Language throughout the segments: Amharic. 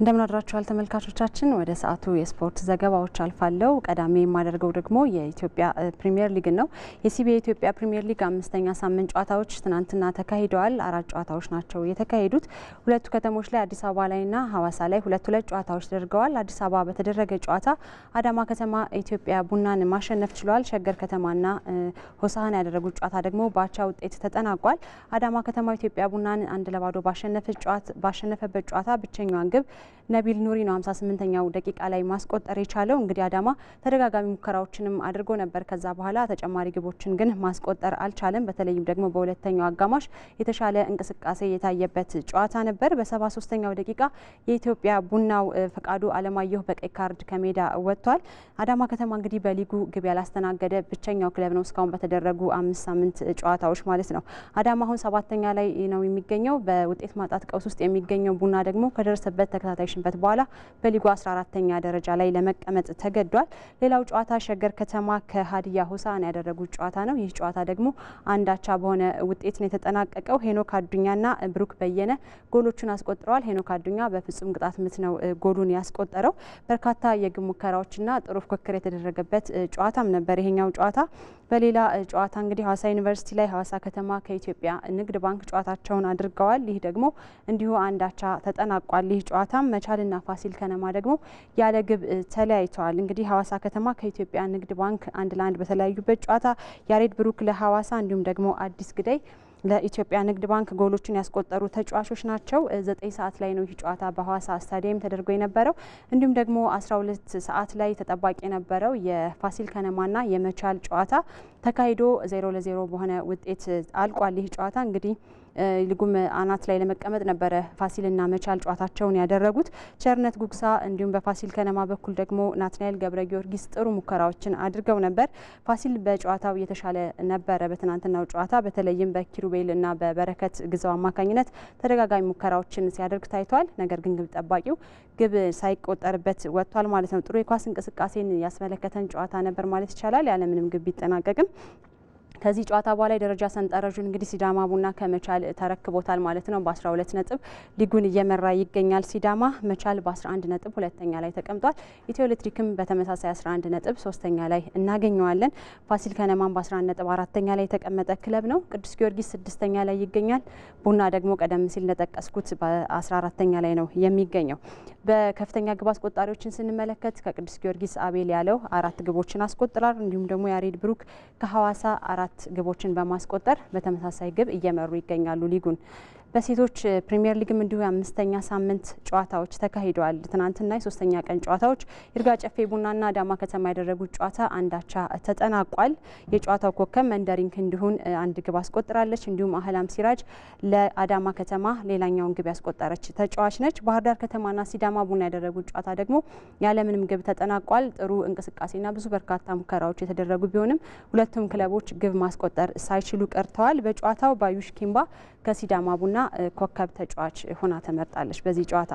እንደምን ተመልካቾቻችን። ወደ ሰዓቱ የስፖርት ዘገባዎች አልፋለሁ። ቀዳሚ የማደርገው ደግሞ የኢትዮጵያ ፕሪሚየር ሊግ ነው። የሲቢ ኢትዮጵያ ፕሪምየር ሊግ አምስተኛ ሳምንት ጨዋታዎች ትናንትና ተካሂደዋል። አራት ጨዋታዎች ናቸው የተካሄዱት። ሁለቱ ከተሞች ላይ አዲስ አበባ ላይና ሀዋሳ ላይ ሁለት ሁለት ጨዋታዎች ተደርገዋል። አዲስ አበባ በተደረገ ጨዋታ አዳማ ከተማ ኢትዮጵያ ቡናን ማሸነፍ ችሏል። ሸገር ከተማና ሆሳህን ያደረጉት ጨዋታ ደግሞ በአቻ ውጤት ተጠናቋል። አዳማ ከተማ ኢትዮጵያ ቡናን አንድ ለባዶ ባሸነፈበት ጨዋታ ብቸኛዋን ግብ ነቢል ኑሪ ነው 58ኛው ደቂቃ ላይ ማስቆጠር የቻለው። እንግዲህ አዳማ ተደጋጋሚ ሙከራዎችንም አድርጎ ነበር። ከዛ በኋላ ተጨማሪ ግቦችን ግን ማስቆጠር አልቻለም። በተለይም ደግሞ በሁለተኛው አጋማሽ የተሻለ እንቅስቃሴ የታየበት ጨዋታ ነበር። በ73ኛው ደቂቃ የኢትዮጵያ ቡናው ፈቃዱ አለማየሁ በቀይ ካርድ ከሜዳ ወጥቷል። አዳማ ከተማ እንግዲህ በሊጉ ግብ ያላስተናገደ ብቸኛው ክለብ ነው እስካሁን በተደረጉ አምስት ሳምንት ጨዋታዎች ማለት ነው። አዳማ አሁን ሰባተኛ ላይ ነው የሚገኘው። በውጤት ማጣት ቀውስ ውስጥ የሚገኘው ቡና ደግሞ ከደረሰበት ተከታ ተከታታይ ሽንፈት በኋላ በሊጉ 14ተኛ ደረጃ ላይ ለመቀመጥ ተገዷል። ሌላው ጨዋታ ሸገር ከተማ ከሀዲያ ሆሳዕና ያደረጉት ጨዋታ ነው። ይህ ጨዋታ ደግሞ አንዳቻ በሆነ ውጤት ነው የተጠናቀቀው። ሄኖክ አዱኛና ብሩክ በየነ ጎሎቹን አስቆጥረዋል። ሄኖክ አዱኛ በፍጹም ቅጣት ምት ነው ጎሉን ያስቆጠረው። በርካታ የግብ ሙከራዎችና ጥሩ ፉክክር የተደረገበት ጨዋታም ነበር ይሄኛው ጨዋታ። በሌላ ጨዋታ እንግዲህ ሀዋሳ ዩኒቨርሲቲ ላይ ሀዋሳ ከተማ ከኢትዮጵያ ንግድ ባንክ ጨዋታቸውን አድርገዋል። ይህ ደግሞ እንዲሁ አንዳቻ ተጠናቋል። ይህ ጨዋታም መቻልና ፋሲል ከነማ ደግሞ ያለ ግብ ተለያይተዋል። እንግዲህ ሀዋሳ ከተማ ከኢትዮጵያ ንግድ ባንክ አንድ ለአንድ በተለያዩበት ጨዋታ ያሬድ ብሩክ ለሀዋሳ እንዲሁም ደግሞ አዲስ ግዳይ ለኢትዮጵያ ንግድ ባንክ ጎሎችን ያስቆጠሩ ተጫዋቾች ናቸው። ዘጠኝ ሰዓት ላይ ነው ይህ ጨዋታ በሐዋሳ ስታዲየም ተደርጎ የነበረው። እንዲሁም ደግሞ አስራ ሁለት ሰዓት ላይ ተጠባቂ የነበረው የፋሲል ከነማና የመቻል ጨዋታ ተካሂዶ ዜሮ ለዜሮ በሆነ ውጤት አልቋል። ይህ ጨዋታ እንግዲህ ይልጉም አናት ላይ ለመቀመጥ ነበረ ፋሲልና መቻል ጨዋታቸውን ያደረጉት። ቸርነት ጉግሳ እንዲሁም በፋሲል ከነማ በኩል ደግሞ ናትናኤል ገብረ ጊዮርጊስ ጥሩ ሙከራዎችን አድርገው ነበር። ፋሲል በጨዋታው የተሻለ ነበረ። በትናንትናው ጨዋታ በተለይም በኪሩቤል እና በበረከት ግዛው አማካኝነት ተደጋጋሚ ሙከራዎችን ሲያደርግ ታይቷል። ነገር ግን ግብ ጠባቂው ግብ ሳይቆጠርበት ወጥቷል ማለት ነው። ጥሩ የኳስ እንቅስቃሴን ያስመለከተን ጨዋታ ነበር ማለት ይቻላል። ያለምንም ግብ ቢጠናቀቅም ከዚህ ጨዋታ በኋላ የደረጃ ሰንጠረዡን እንግዲህ ሲዳማ ቡና ከመቻል ተረክቦታል ማለት ነው። በ12 ነጥብ ሊጉን እየመራ ይገኛል። ሲዳማ መቻል በ11 ነጥብ ሁለተኛ ላይ ተቀምጧል። ኢትዮ ኤሌክትሪክም በተመሳሳይ 11 ነጥብ ሶስተኛ ላይ እናገኘዋለን። ፋሲል ከነማን በ11 ነጥብ አራተኛ ላይ የተቀመጠ ክለብ ነው። ቅዱስ ጊዮርጊስ ስድስተኛ ላይ ይገኛል። ቡና ደግሞ ቀደም ሲል እንደጠቀስኩት በ14ተኛ ላይ ነው የሚገኘው። በከፍተኛ ግብ አስቆጣሪዎችን ስንመለከት ከቅዱስ ጊዮርጊስ አቤል ያለው አራት ግቦችን አስቆጥሯል። እንዲሁም ደግሞ ያሬድ ብሩክ ከሐዋሳ አራት አራት ግቦችን በማስቆጠር በተመሳሳይ ግብ እየመሩ ይገኛሉ ሊጉን። በሴቶች ፕሪሚየር ሊግም እንዲሁ የአምስተኛ ሳምንት ጨዋታዎች ተካሂደዋል። ትናንትና የሶስተኛ ቀን ጨዋታዎች ይርጋ ጨፌ ቡናና አዳማ ከተማ ያደረጉት ጨዋታ አንዳቻ ተጠናቋል። የጨዋታው ኮከብ መንደሪንክ እንዲሁን አንድ ግብ አስቆጥራለች። እንዲሁም አህላም ሲራጅ ለአዳማ ከተማ ሌላኛውን ግብ ያስቆጠረች ተጫዋች ነች። ባህር ዳር ከተማና ሲዳማ ቡና ያደረጉት ጨዋታ ደግሞ ያለምንም ግብ ተጠናቋል። ጥሩ እንቅስቃሴና ብዙ በርካታ ሙከራዎች የተደረጉ ቢሆንም ሁለቱም ክለቦች ግብ ማስቆጠር ሳይችሉ ቀርተዋል። በጨዋታው ባዩሽ ኪምባ ከሲዳማ ቡና ኮከብ ተጫዋች ሆና ተመርጣለች በዚህ ጨዋታ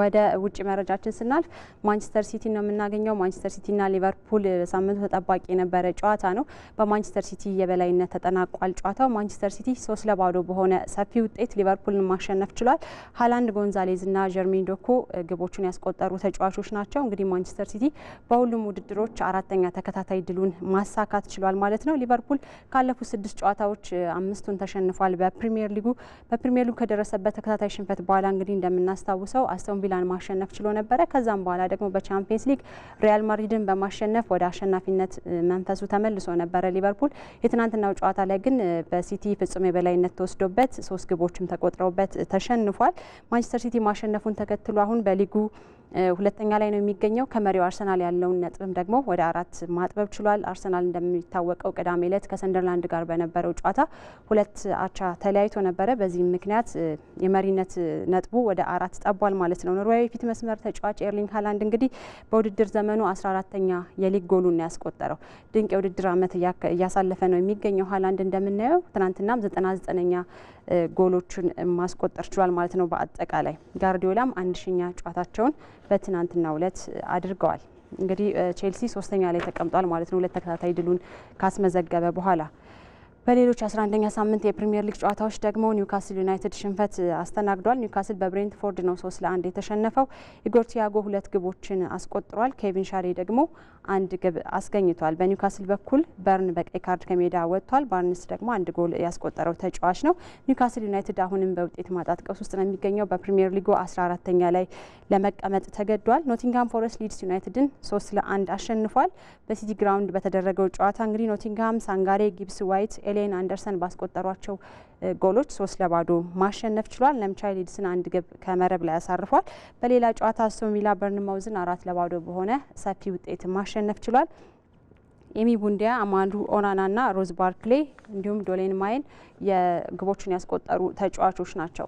ወደ ውጭ መረጃችን ስናልፍ ማንቸስተር ሲቲ ነው የምናገኘው። ማንቸስተር ሲቲና ሊቨርፑል ሳምንቱ ተጠባቂ የነበረ ጨዋታ ነው። በማንቸስተር ሲቲ የበላይነት ተጠናቋል። ጨዋታው ማንቸስተር ሲቲ ሶስት ለባዶ በሆነ ሰፊ ውጤት ሊቨርፑልን ማሸነፍ ችሏል። ሀላንድ፣ ጎንዛሌዝና ጀርሚን ዶኮ ግቦቹን ያስቆጠሩ ተጫዋቾች ናቸው። እንግዲህ ማንቸስተር ሲቲ በሁሉም ውድድሮች አራተኛ ተከታታይ ድሉን ማሳካት ችሏል ማለት ነው። ሊቨርፑል ካለፉት ስድስት ጨዋታዎች አምስቱን ተሸንፏል። በፕሪሚየር ሊጉ በፕሪሚየር ሊጉ ከደረሰበት ተከታታይ ሽንፈት በኋላ እንግዲህ እንደምናስታውሰው አስተውን ቪላን ማሸነፍ ችሎ ነበረ። ከዛም በኋላ ደግሞ በቻምፒየንስ ሊግ ሪያል ማድሪድን በማሸነፍ ወደ አሸናፊነት መንፈሱ ተመልሶ ነበረ ሊቨርፑል። የትናንትናው ጨዋታ ላይ ግን በሲቲ ፍጹም የበላይነት ተወስዶበት ሶስት ግቦችም ተቆጥረውበት ተሸንፏል። ማንቸስተር ሲቲ ማሸነፉን ተከትሎ አሁን በሊጉ ሁለተኛ ላይ ነው የሚገኘው። ከመሪው አርሰናል ያለውን ነጥብም ደግሞ ወደ አራት ማጥበብ ችሏል። አርሰናል እንደሚታወቀው ቅዳሜ ዕለት ከሰንደርላንድ ጋር በነበረው ጨዋታ ሁለት አቻ ተለያይቶ ነበረ። በዚህም ምክንያት የመሪነት ነጥቡ ወደ አራት ጠቧል ማለት ነው። ኖርዌያዊ የፊት መስመር ተጫዋች ኤርሊንግ ሃላንድ እንግዲህ በውድድር ዘመኑ አስራ አራተኛ የሊግ ጎሉን ያስቆጠረው ድንቅ የውድድር ዓመት እያሳለፈ ነው የሚገኘው። ሃላንድ እንደምናየው ትናንትናም ዘጠና ዘጠነኛ ጎሎችን ማስቆጠር ችሏል ማለት ነው። በአጠቃላይ ጋርዲዮላም አንድሽኛ ጨዋታቸውን በትናንትናው ዕለት አድርገዋል። እንግዲህ ቼልሲ ሶስተኛ ላይ ተቀምጧል ማለት ነው። ሁለት ተከታታይ ድሉን ካስመዘገበ በኋላ በሌሎች 11ኛ ሳምንት የፕሪምየር ሊግ ጨዋታዎች ደግሞ ኒውካስል ዩናይትድ ሽንፈት አስተናግዷል። ኒውካስል በብሬንትፎርድ ነው ሶስት ለአንድ የተሸነፈው። ኢጎር ቲያጎ ሁለት ግቦችን አስቆጥሯል። ኬቪን ሻሬ ደግሞ አንድ ግብ አስገኝቷል። በኒውካስል በኩል በርን በቀይ ካርድ ከሜዳ ወጥቷል። ባርንስ ደግሞ አንድ ጎል ያስቆጠረው ተጫዋች ነው። ኒውካስል ዩናይትድ አሁንም በውጤት ማጣት ቀውስ ውስጥ ነው የሚገኘው። በፕሪምየር ሊጉ 14ተኛ ላይ ለመቀመጥ ተገዷል። ኖቲንግሃም ፎረስት ሊድስ ዩናይትድን ሶስት ለአንድ አሸንፏል። በሲቲ ግራውንድ በተደረገው ጨዋታ እንግዲህ ኖቲንግሃም ሳንጋሬ፣ ጊብስ ዋይት ኤሌን አንደርሰን ባስቆጠሯቸው ጎሎች ሶስት ለባዶ ማሸነፍ ችሏል። ለምቻይ ሊድስን አንድ ግብ ከመረብ ላይ ያሳርፏል። በሌላ ጨዋታ አስቶን ቪላ በርንማውዝን አራት ለባዶ በሆነ ሰፊ ውጤት ማሸነፍ ችሏል። ኤሚ ቡንዲያ፣ አማንዱ ኦናና ና ሮዝ ባርክሌ እንዲሁም ዶሌን ማይን የግቦቹን ያስቆጠሩ ተጫዋቾች ናቸው።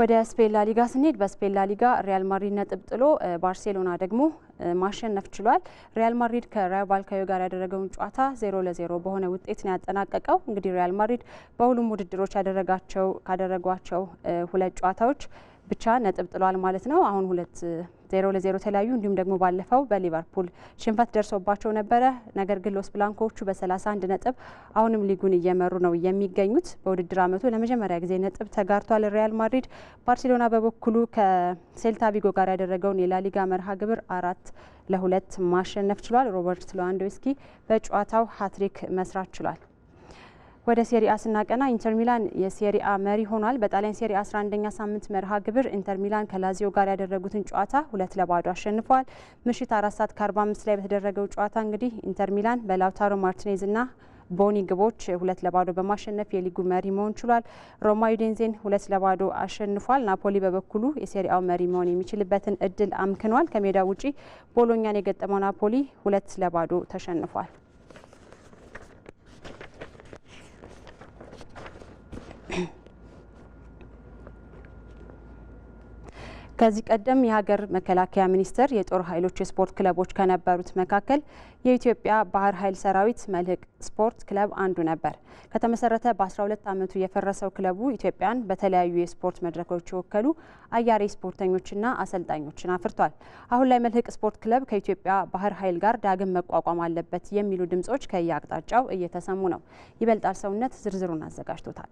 ወደ ስፔን ላሊጋ ስንሄድ በስፔን ላሊጋ ሪያል ማድሪድ ነጥብ ጥሎ ባርሴሎና ደግሞ ማሸነፍ ችሏል። ሪያል ማድሪድ ከራዮ ቫልካዮ ጋር ያደረገውን ጨዋታ ዜሮ ለዜሮ በሆነ ውጤት ነው ያጠናቀቀው። እንግዲህ ሪያል ማድሪድ በሁሉም ውድድሮች ያደረጋቸው ካደረጓቸው ሁለት ጨዋታዎች ብቻ ነጥብ ጥሏል ማለት ነው። አሁን ሁለት ዜሮ ለዜሮ ተለያዩ። እንዲሁም ደግሞ ባለፈው በሊቨርፑል ሽንፈት ደርሶባቸው ነበረ። ነገር ግን ሎስ ብላንኮቹ በ31 ነጥብ አሁንም ሊጉን እየመሩ ነው የሚገኙት። በውድድር ዓመቱ ለመጀመሪያ ጊዜ ነጥብ ተጋርቷል ሪያል ማድሪድ። ባርሴሎና በበኩሉ ከሴልታ ቪጎ ጋር ያደረገውን የላሊጋ መርሃ ግብር አራት ለሁለት ማሸነፍ ችሏል። ሮበርት ሌዋንዶውስኪ በጨዋታው ሀትሪክ መስራት ችሏል። ወደ ሴሪአ ስናቀና ኢንተር ሚላን የሴሪአ መሪ ሆኗል። በጣሊያን ሴሪአ 11ኛ ሳምንት መርሃ ግብር ኢንተር ሚላን ከላዚዮ ጋር ያደረጉትን ጨዋታ ሁለት ለባዶ አሸንፏል። ምሽት አራት ሰዓት ከ45 ላይ በተደረገው ጨዋታ እንግዲህ ኢንተር ሚላን በላውታሮ ማርቲኔዝ ና ቦኒ ግቦች ሁለት ለባዶ በማሸነፍ የሊጉ መሪ መሆን ችሏል። ሮማ ዩዴንዜን ሁለት ለባዶ አሸንፏል። ናፖሊ በበኩሉ የሴሪአው መሪ መሆን የሚችልበትን እድል አምክኗል። ከሜዳ ውጪ ቦሎኛን የገጠመው ናፖሊ ሁለት ለባዶ ተሸንፏል። ከዚህ ቀደም የሀገር መከላከያ ሚኒስቴር የጦር ኃይሎች የስፖርት ክለቦች ከነበሩት መካከል የኢትዮጵያ ባህር ኃይል ሰራዊት መልህቅ ስፖርት ክለብ አንዱ ነበር። ከተመሰረተ በ12 ዓመቱ የፈረሰው ክለቡ ኢትዮጵያን በተለያዩ የስፖርት መድረኮች የወከሉ አያሌ ስፖርተኞችና አሰልጣኞችን አፍርቷል። አሁን ላይ መልህቅ ስፖርት ክለብ ከኢትዮጵያ ባህር ኃይል ጋር ዳግም መቋቋም አለበት የሚሉ ድምጾች ከየአቅጣጫው እየተሰሙ ነው። ይበልጣል ሰውነት ዝርዝሩን አዘጋጅቶታል።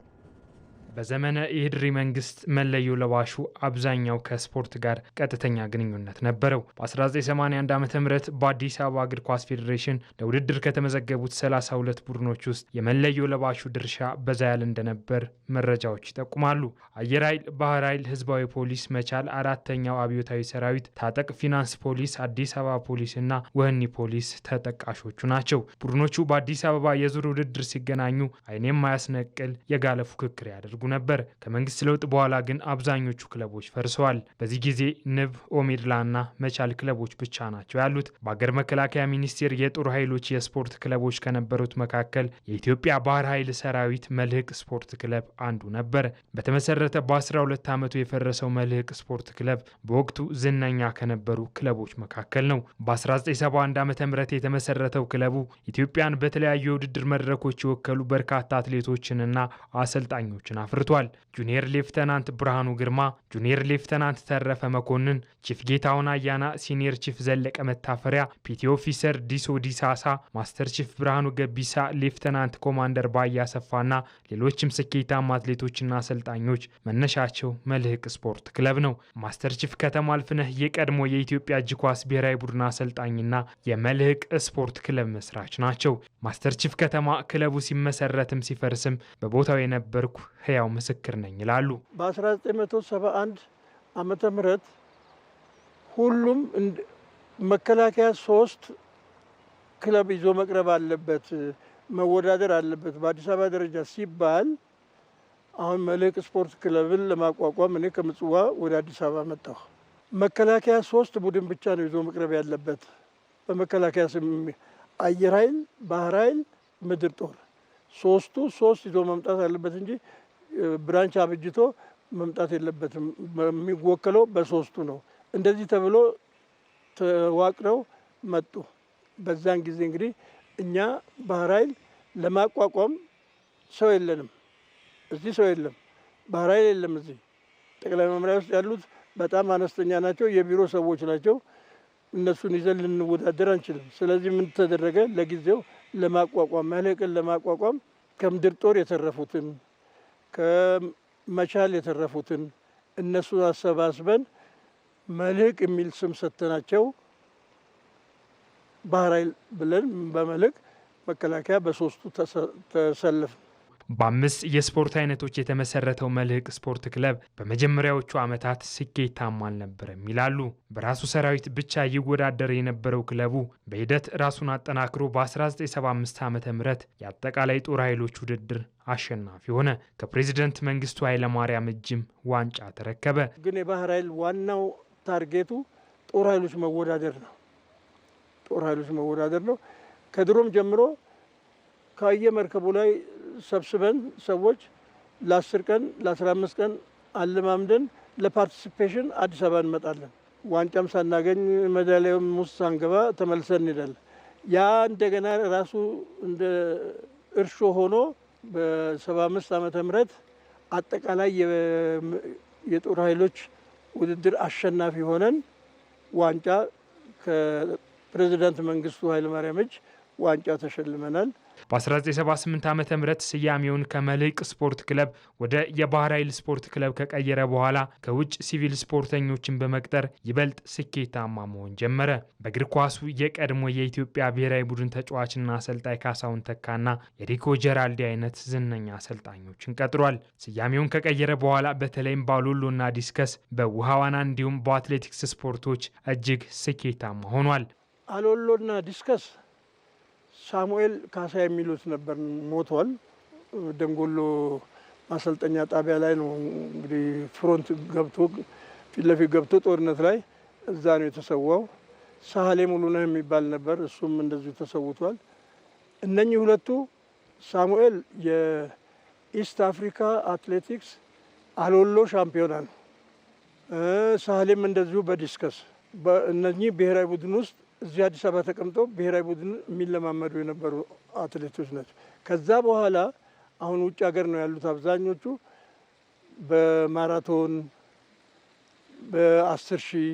በዘመነ የድሪ መንግስት መለዮ ለባሹ አብዛኛው ከስፖርት ጋር ቀጥተኛ ግንኙነት ነበረው። በ1981 ዓ ም በአዲስ አበባ እግር ኳስ ፌዴሬሽን ለውድድር ከተመዘገቡት 32 ቡድኖች ውስጥ የመለዮ ለባሹ ድርሻ በዛ ያለ እንደነበር መረጃዎች ይጠቁማሉ። አየር ኃይል፣ ባህር ኃይል፣ ህዝባዊ ፖሊስ፣ መቻል፣ አራተኛው አብዮታዊ ሰራዊት፣ ታጠቅ፣ ፊናንስ ፖሊስ፣ አዲስ አበባ ፖሊስ እና ወህኒ ፖሊስ ተጠቃሾቹ ናቸው። ቡድኖቹ በአዲስ አበባ የዙር ውድድር ሲገናኙ አይኔም የማያስነቅል የጋለ ፉክክር ያደርጉ ነበር። ከመንግስት ለውጥ በኋላ ግን አብዛኞቹ ክለቦች ፈርሰዋል። በዚህ ጊዜ ንብ፣ ኦሜድላና መቻል ክለቦች ብቻ ናቸው ያሉት። በአገር መከላከያ ሚኒስቴር የጦር ኃይሎች የስፖርት ክለቦች ከነበሩት መካከል የኢትዮጵያ ባህር ኃይል ሰራዊት መልህቅ ስፖርት ክለብ አንዱ ነበር። በተመሰረተ በ12 ዓመቱ የፈረሰው መልህቅ ስፖርት ክለብ በወቅቱ ዝነኛ ከነበሩ ክለቦች መካከል ነው። በ1971 ዓ ም የተመሰረተው ክለቡ ኢትዮጵያን በተለያዩ የውድድር መድረኮች የወከሉ በርካታ አትሌቶችንና አሰልጣኞችን አፈ አፍርቷል። ጁኒየር ሌፍተናንት ብርሃኑ ግርማ፣ ጁኒየር ሌፍተናንት ተረፈ መኮንን፣ ቺፍ ጌታውን አያና፣ ሲኒየር ቺፍ ዘለቀ መታፈሪያ፣ ፒቲ ኦፊሰር ዲሶ ዲሳሳ፣ ማስተር ቺፍ ብርሃኑ ገቢሳ፣ ሌፍተናንት ኮማንደር ባያ ሰፋና ሌሎችም ስኬታማ አትሌቶችና አሰልጣኞች መነሻቸው መልህቅ ስፖርት ክለብ ነው። ማስተር ቺፍ ከተማ አልፍነህ የቀድሞ የኢትዮጵያ እጅ ኳስ ብሔራዊ ቡድን አሰልጣኝና የመልህቅ ስፖርት ክለብ መስራች ናቸው። ማስተር ቺፍ ከተማ ክለቡ ሲመሰረትም ሲፈርስም በቦታው የነበርኩ ህያው ምስክር ነኝ ይላሉ። በ1971 ዓመተ ምህረት ሁሉም መከላከያ ሶስት ክለብ ይዞ መቅረብ አለበት፣ መወዳደር አለበት በአዲስ አበባ ደረጃ ሲባል አሁን መልሕቅ ስፖርት ክለብን ለማቋቋም እኔ ከምጽዋ ወደ አዲስ አበባ መጣሁ። መከላከያ ሶስት ቡድን ብቻ ነው ይዞ መቅረብ ያለበት በመከላከያ ስም አየር ኃይል፣ ባህር ኃይል፣ ምድር ጦር ሶስቱ ሶስት ይዞ መምጣት አለበት እንጂ ብራንች አብጅቶ መምጣት የለበትም። የሚወከለው በሶስቱ ነው። እንደዚህ ተብሎ ተዋቅረው መጡ። በዛን ጊዜ እንግዲህ እኛ ባህር ኃይል ለማቋቋም ሰው የለንም። እዚህ ሰው የለም፣ ባህር ኃይል የለም። እዚህ ጠቅላይ መምሪያ ውስጥ ያሉት በጣም አነስተኛ ናቸው፣ የቢሮ ሰዎች ናቸው። እነሱን ይዘን ልንወዳደር አንችልም። ስለዚህ ምን ተደረገ? ለጊዜው ለማቋቋም ማለቅን ለማቋቋም ከምድር ጦር የተረፉትን ከመቻል የተረፉትን እነሱን አሰባስበን መልህቅ የሚል ስም ሰጥተናቸው ባህር ኃይል ብለን በመልህቅ መከላከያ በሶስቱ ተሰልፍ በአምስት የስፖርት አይነቶች የተመሰረተው መልህቅ ስፖርት ክለብ በመጀመሪያዎቹ ዓመታት ስኬታማ አልነበረም ይላሉ። በራሱ ሰራዊት ብቻ ይወዳደር የነበረው ክለቡ በሂደት ራሱን አጠናክሮ በ1975 ዓ ም የአጠቃላይ ጦር ኃይሎች ውድድር አሸናፊ ሆነ። ከፕሬዚደንት መንግስቱ ኃይለማርያም እጅም ዋንጫ ተረከበ። ግን የባህር ኃይል ዋናው ታርጌቱ ጦር ኃይሎች መወዳደር ነው። ጦር ኃይሎች መወዳደር ነው። ከድሮም ጀምሮ ከአየ መርከቡ ላይ ሰብስበን ሰዎች ለአስር ቀን ለአስራ አምስት ቀን አለማምደን ለፓርቲሲፔሽን አዲስ አበባ እንመጣለን። ዋንጫም ሳናገኝ መዳሊያም ውስጥ ሳንገባ ተመልሰን እንሄዳለን። ያ እንደገና ራሱ እንደ እርሾ ሆኖ በሰባ አምስት ዓመተ ምህረት አጠቃላይ የጦር ኃይሎች ውድድር አሸናፊ ሆነን ዋንጫ ከፕሬዚዳንት መንግስቱ ኃይለማርያም እጅ ዋንጫ ተሸልመናል። በ1978 ዓ ም ስያሜውን ከመልሕቅ ስፖርት ክለብ ወደ የባህር ኃይል ስፖርት ክለብ ከቀየረ በኋላ ከውጭ ሲቪል ስፖርተኞችን በመቅጠር ይበልጥ ስኬታማ መሆን ጀመረ። በእግር ኳሱ የቀድሞ የኢትዮጵያ ብሔራዊ ቡድን ተጫዋችና አሰልጣኝ ካሳሁን ተካና የሪኮ ጀራልዲ አይነት ዝነኛ አሰልጣኞችን ቀጥሯል። ስያሜውን ከቀየረ በኋላ በተለይም ባሎሎና ዲስከስ፣ በውሃ ዋና እንዲሁም በአትሌቲክስ ስፖርቶች እጅግ ስኬታማ ሆኗል። አሎሎና ዲስከስ ሳሙኤል ካሳ የሚሉት ነበር። ሞቷል። ደንጎሎ ማሰልጠኛ ጣቢያ ላይ ነው እንግዲህ ፍሮንት ገብቶ ፊት ለፊት ገብቶ ጦርነት ላይ እዛ ነው የተሰዋው። ሳህሌ ሙሉነህ የሚባል ነበር። እሱም እንደዚሁ ተሰውቷል። እነኚህ ሁለቱ ሳሙኤል የኢስት አፍሪካ አትሌቲክስ አሎሎ ሻምፒዮና ነው። ሳህሌም እንደዚሁ በዲስከስ በእነኚህ ብሔራዊ ቡድን ውስጥ እዚህ አዲስ አበባ ተቀምጠው ብሔራዊ ቡድን የሚለማመዱ የነበሩ አትሌቶች ናቸው። ከዛ በኋላ አሁን ውጭ ሀገር ነው ያሉት አብዛኞቹ በማራቶን በአስር ሺህ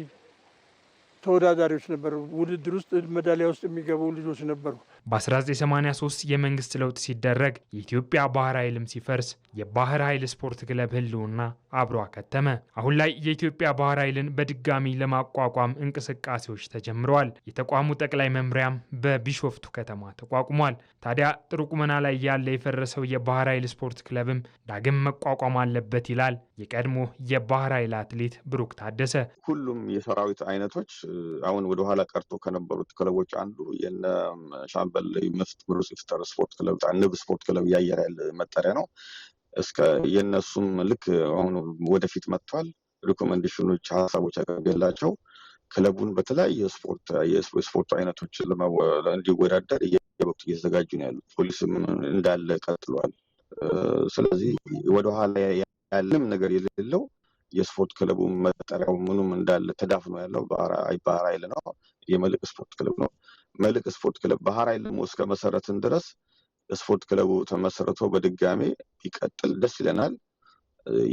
ተወዳዳሪዎች ነበሩ። ውድድር ውስጥ መዳሊያ ውስጥ የሚገቡ ልጆች ነበሩ። በ1983 የመንግስት ለውጥ ሲደረግ የኢትዮጵያ ባህር ኃይልም ሲፈርስ የባህር ኃይል ስፖርት ክለብ ህልውና አብሮ አከተመ። አሁን ላይ የኢትዮጵያ ባህር ኃይልን በድጋሚ ለማቋቋም እንቅስቃሴዎች ተጀምረዋል። የተቋሙ ጠቅላይ መምሪያም በቢሾፍቱ ከተማ ተቋቁሟል። ታዲያ ጥሩ ቁመና ላይ ያለ የፈረሰው የባህር ኃይል ስፖርት ክለብም ዳግም መቋቋም አለበት ይላል የቀድሞ የባህር ኃይል አትሌት ብሩክ ታደሰ። ሁሉም የሰራዊት አይነቶች አሁን ወደኋላ ቀርቶ ከነበሩት ክለቦች አንዱ የነ በላይ መፍት ብሩስ ኢፍጠር ስፖርት ክለብ ንብ ስፖርት ክለብ እያየረ ኃይል መጠሪያ ነው። እስከ የእነሱም ልክ አሁኑ ወደፊት መጥቷል። ሪኮመንዴሽኖች ሀሳቦች ያቀርብላቸው ክለቡን በተለያየ ስፖርት የስፖርቱ አይነቶች እንዲወዳደር እየበቅቱ እየተዘጋጁ ነው ያሉት። ፖሊስም እንዳለ ቀጥሏል። ስለዚህ ወደኋላ ያለም ነገር የሌለው የስፖርት ክለቡ መጠሪያው ምኑም እንዳለ ተዳፍኖ ያለው ባህር ኃይል ነው። የመልቅ ስፖርት ክለብ ነው። መልቅ ስፖርት ክለብ ባህር ኃይል ደግሞ መሰረትን ድረስ ስፖርት ክለቡ ተመሰርቶ በድጋሜ ይቀጥል ደስ ይለናል።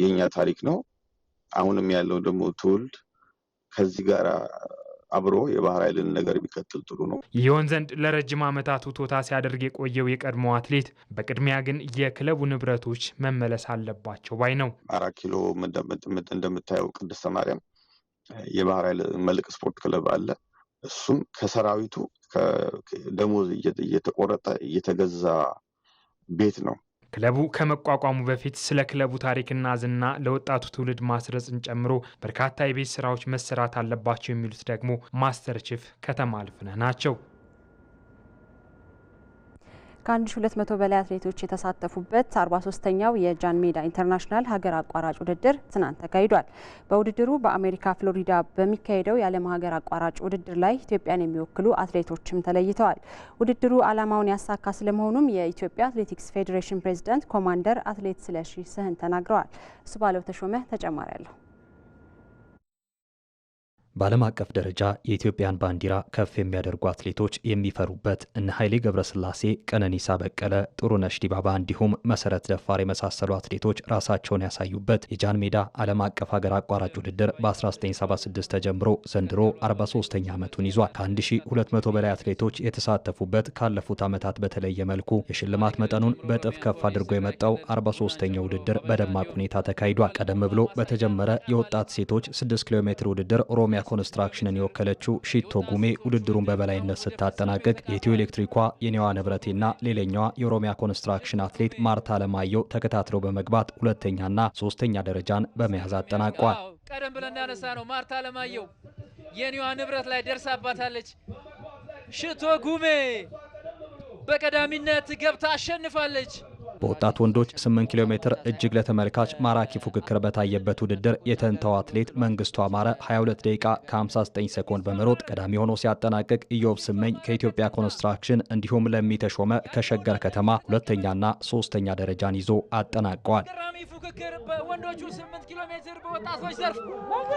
የኛ ታሪክ ነው። አሁንም ያለው ደግሞ ትውልድ ከዚህ ጋር አብሮ የባህር ኃይልን ነገር ቢቀጥል ጥሩ ነው ይሆን ዘንድ ለረጅም ዓመታት ቶታ ሲያደርግ የቆየው የቀድሞ አትሌት በቅድሚያ ግን የክለቡ ንብረቶች መመለስ አለባቸው ባይ ነው። አራት ኪሎ እንደምታየው ቅድስተ ማርያም የባህር ኃይል መልቅ ስፖርት ክለብ አለ። እሱም ከሰራዊቱ ደሞዝ እየተቆረጠ እየተገዛ ቤት ነው። ክለቡ ከመቋቋሙ በፊት ስለ ክለቡ ታሪክና ዝና ለወጣቱ ትውልድ ማስረጽን ጨምሮ በርካታ የቤት ስራዎች መሰራት አለባቸው የሚሉት ደግሞ ማስተር ቺፍ ከተማ አልፍነህ ናቸው። ከ1200 በላይ አትሌቶች የተሳተፉበት 43ኛው የጃን ሜዳ ኢንተርናሽናል ሀገር አቋራጭ ውድድር ትናንት ተካሂዷል። በውድድሩ በአሜሪካ ፍሎሪዳ በሚካሄደው የዓለም ሀገር አቋራጭ ውድድር ላይ ኢትዮጵያን የሚወክሉ አትሌቶችም ተለይተዋል። ውድድሩ ዓላማውን ያሳካ ስለመሆኑም የኢትዮጵያ አትሌቲክስ ፌዴሬሽን ፕሬዚዳንት ኮማንደር አትሌት ስለሺ ስህን ተናግረዋል። እሱ ባለው ተሾመ ተጨማሪ ያለሁ በዓለም አቀፍ ደረጃ የኢትዮጵያን ባንዲራ ከፍ የሚያደርጉ አትሌቶች የሚፈሩበት እነ ኃይሌ ገብረስላሴ፣ ቀነኒሳ በቀለ፣ ጥሩነሽ ዲባባ እንዲሁም መሰረት ደፋር የመሳሰሉ አትሌቶች ራሳቸውን ያሳዩበት የጃን ሜዳ ዓለም አቀፍ ሀገር አቋራጭ ውድድር በ1976 ተጀምሮ ዘንድሮ 43ኛ ዓመቱን ይዟል። ከ1200 በላይ አትሌቶች የተሳተፉበት ካለፉት ዓመታት በተለየ መልኩ የሽልማት መጠኑን በእጥፍ ከፍ አድርጎ የመጣው 43ኛው ውድድር በደማቅ ሁኔታ ተካሂዷል። ቀደም ብሎ በተጀመረ የወጣት ሴቶች 6 ኪሎ ሜትር ውድድር ኦሮሚያ ኮንስትራክሽንን የወከለችው ሺቶ ጉሜ ውድድሩን በበላይነት ስታጠናቀቅ የኢትዮ ኤሌክትሪኳ የኔዋ ንብረቴና ሌላኛዋ የኦሮሚያ ኮንስትራክሽን አትሌት ማርታ ለማየው ተከታትለው በመግባት ሁለተኛና ሶስተኛ ደረጃን በመያዝ አጠናቋል። ቀደም ብለን እንዳነሳ ነው ማርታ ለማየው የኔዋ ንብረት ላይ ደርሳባታለች። ሽቶ ጉሜ በቀዳሚነት ገብታ አሸንፋለች። በወጣት ወንዶች 8 ኪሎ ሜትር እጅግ ለተመልካች ማራኪ ፉክክር በታየበት ውድድር የተንተው አትሌት መንግስቱ አማረ 22 ደቂቃ ከ59 ሰኮንድ በመሮጥ ቀዳሚ ሆኖ ሲያጠናቅቅ ኢዮብ ስመኝ ከኢትዮጵያ ኮንስትራክሽን እንዲሁም ለሚተሾመ ከሸገር ከተማ ሁለተኛና ሶስተኛ ደረጃን ይዞ አጠናቀዋል። ፉክክር በወንዶቹ 8 ኪሎ ሜትር በወጣቶች ዘርፍ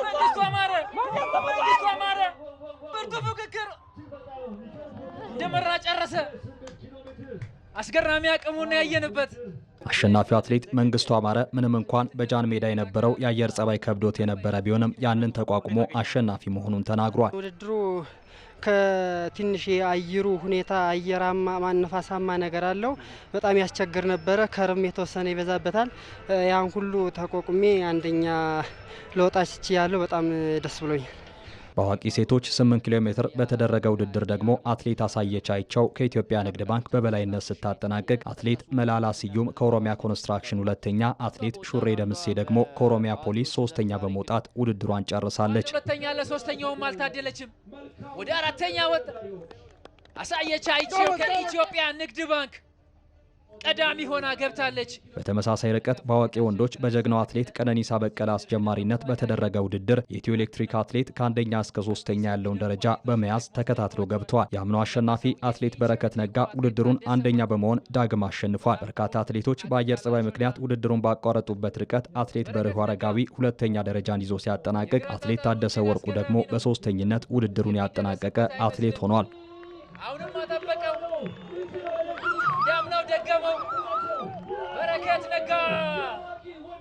መንግስቱ አማረ ብርቱ ፉክክር ደመራ ጨረሰ። አስገራሚ አቅሙን ያየንበት አሸናፊው አትሌት መንግስቱ አማረ ምንም እንኳን በጃን ሜዳ የነበረው የአየር ጸባይ ከብዶት የነበረ ቢሆንም ያንን ተቋቁሞ አሸናፊ መሆኑን ተናግሯል። ውድድሩ ከትንሽ የአየሩ ሁኔታ አየራማ ማነፋሳማ ነገር አለው። በጣም ያስቸግር ነበረ። ከርም የተወሰነ ይበዛበታል። ያን ሁሉ ተቋቁሜ አንደኛ ለወጣች ያለው በጣም ደስ ብሎኛል። በአዋቂ ሴቶች 8 ኪሎ ሜትር በተደረገ ውድድር ደግሞ አትሌት አሳየች አይቸው ከኢትዮጵያ ንግድ ባንክ በበላይነት ስታጠናቀቅ፣ አትሌት መላላ ስዩም ከኦሮሚያ ኮንስትራክሽን ሁለተኛ፣ አትሌት ሹሬ ደምሴ ደግሞ ከኦሮሚያ ፖሊስ ሶስተኛ በመውጣት ውድድሯን ጨርሳለች። ሁለተኛ ለሶስተኛውም አልታደለችም። ወደ አራተኛ ወጣ አሳየች አይቸው ከኢትዮጵያ ንግድ ባንክ ቀዳሚ ሆና ገብታለች። በተመሳሳይ ርቀት በአዋቂ ወንዶች በጀግናው አትሌት ቀነኒሳ በቀለ አስጀማሪነት በተደረገ ውድድር የኢትዮ ኤሌክትሪክ አትሌት ከአንደኛ እስከ ሶስተኛ ያለውን ደረጃ በመያዝ ተከታትሎ ገብቷል። የአምኖ አሸናፊ አትሌት በረከት ነጋ ውድድሩን አንደኛ በመሆን ዳግም አሸንፏል። በርካታ አትሌቶች በአየር ጸባይ ምክንያት ውድድሩን ባቋረጡበት ርቀት አትሌት በርሁ አረጋዊ ሁለተኛ ደረጃን ይዞ ሲያጠናቅቅ፣ አትሌት ታደሰ ወርቁ ደግሞ በሶስተኝነት ውድድሩን ያጠናቀቀ አትሌት ሆኗል። Let's go!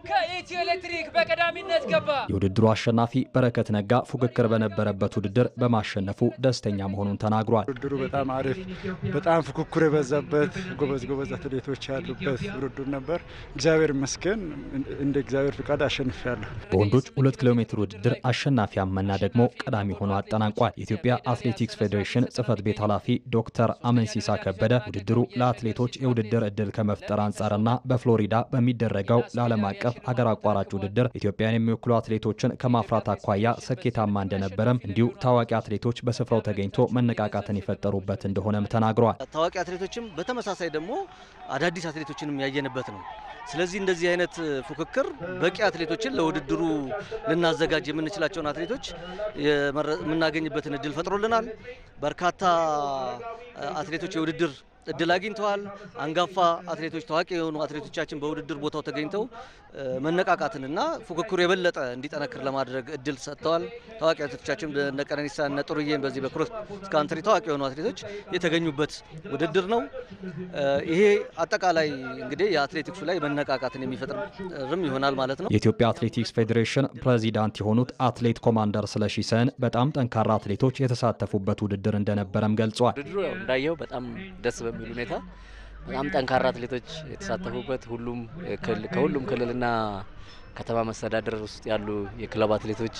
ከኢትዮ ኤሌክትሪክ በቀዳሚነት ገባ። የውድድሩ አሸናፊ በረከት ነጋ ፉክክር በነበረበት ውድድር በማሸነፉ ደስተኛ መሆኑን ተናግሯል። ውድድሩ በጣም አሪፍ፣ በጣም ፉክክር የበዛበት ጎበዝ ጎበዝ አትሌቶች ያሉበት ውድድር ነበር። እግዚአብሔር ይመስገን እንደ እግዚአብሔር ፍቃድ አሸንፊያለሁ። በወንዶች ሁለት ኪሎ ሜትር ውድድር አሸናፊ አመና ደግሞ ቀዳሚ ሆኖ አጠናቋል። የኢትዮጵያ አትሌቲክስ ፌዴሬሽን ጽህፈት ቤት ኃላፊ ዶክተር አመንሲሳ ከበደ ውድድሩ ለአትሌቶች የውድድር እድል ከመፍጠር አንጻርና በፍሎሪዳ በሚደረገው ለዓለም አቀፍ አገር አቋራጭ ውድድር ኢትዮጵያን የሚወክሉ አትሌቶችን ከማፍራት አኳያ ስኬታማ እንደነበረም እንዲሁ ታዋቂ አትሌቶች በስፍራው ተገኝቶ መነቃቃትን የፈጠሩበት እንደሆነም ተናግረዋል። ታዋቂ አትሌቶችም በተመሳሳይ ደግሞ አዳዲስ አትሌቶችንም ያየንበት ነው። ስለዚህ እንደዚህ አይነት ፉክክር በቂ አትሌቶችን ለውድድሩ ልናዘጋጅ የምንችላቸውን አትሌቶች የምናገኝበትን እድል ፈጥሮልናል። በርካታ አትሌቶች የውድድር እድል አግኝተዋል። አንጋፋ አትሌቶች፣ ታዋቂ የሆኑ አትሌቶቻችን በውድድር ቦታው ተገኝተው መነቃቃትንና ፉክክሩ የበለጠ እንዲጠነክር ለማድረግ እድል ሰጥተዋል። ታዋቂ አትሌቶቻችን እነ ቀነኒሳ እነ ጥሩዬን በዚህ በክሮስ ካንትሪ ታዋቂ የሆኑ አትሌቶች የተገኙበት ውድድር ነው። ይሄ አጠቃላይ እንግዲህ የአትሌቲክሱ ላይ መነቃቃትን የሚፈጥርም ይሆናል ማለት ነው። የኢትዮጵያ አትሌቲክስ ፌዴሬሽን ፕሬዚዳንት የሆኑት አትሌት ኮማንደር ስለሺ ሰን በጣም ጠንካራ አትሌቶች የተሳተፉበት ውድድር እንደነበረም ገልጿል። ውድድሩ እንዳየው በጣም ደስ በሚል ሁኔታ በጣም ጠንካራ አትሌቶች የተሳተፉበት ሁሉም ከሁሉም ክልልና ከተማ መስተዳደር ውስጥ ያሉ የክለብ አትሌቶች፣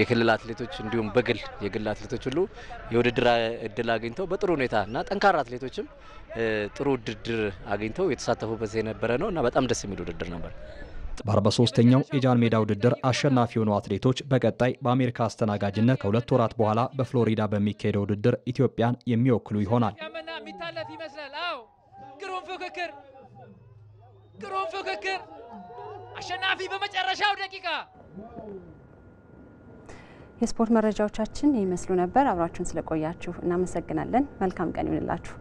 የክልል አትሌቶች እንዲሁም በግል የግል አትሌቶች ሁሉ የውድድር እድል አግኝተው በጥሩ ሁኔታ እና ጠንካራ አትሌቶችም ጥሩ ውድድር አግኝተው የተሳተፉበት የነበረ ነው እና በጣም ደስ የሚል ውድድር ነበር። በ43ኛው የጃን ሜዳ ውድድር አሸናፊ የሆኑ አትሌቶች በቀጣይ በአሜሪካ አስተናጋጅነት ከሁለት ወራት በኋላ በፍሎሪዳ በሚካሄደው ውድድር ኢትዮጵያን የሚወክሉ ይሆናል። የሚታለፍ ይመስላል። አዎ፣ ግሩም ግሩም አሸናፊ በመጨረሻው ደቂቃ። የስፖርት መረጃዎቻችን ይመስሉ ነበር። አብራችሁን ስለቆያችሁ እናመሰግናለን። መልካም ቀን ይሁንላችሁ።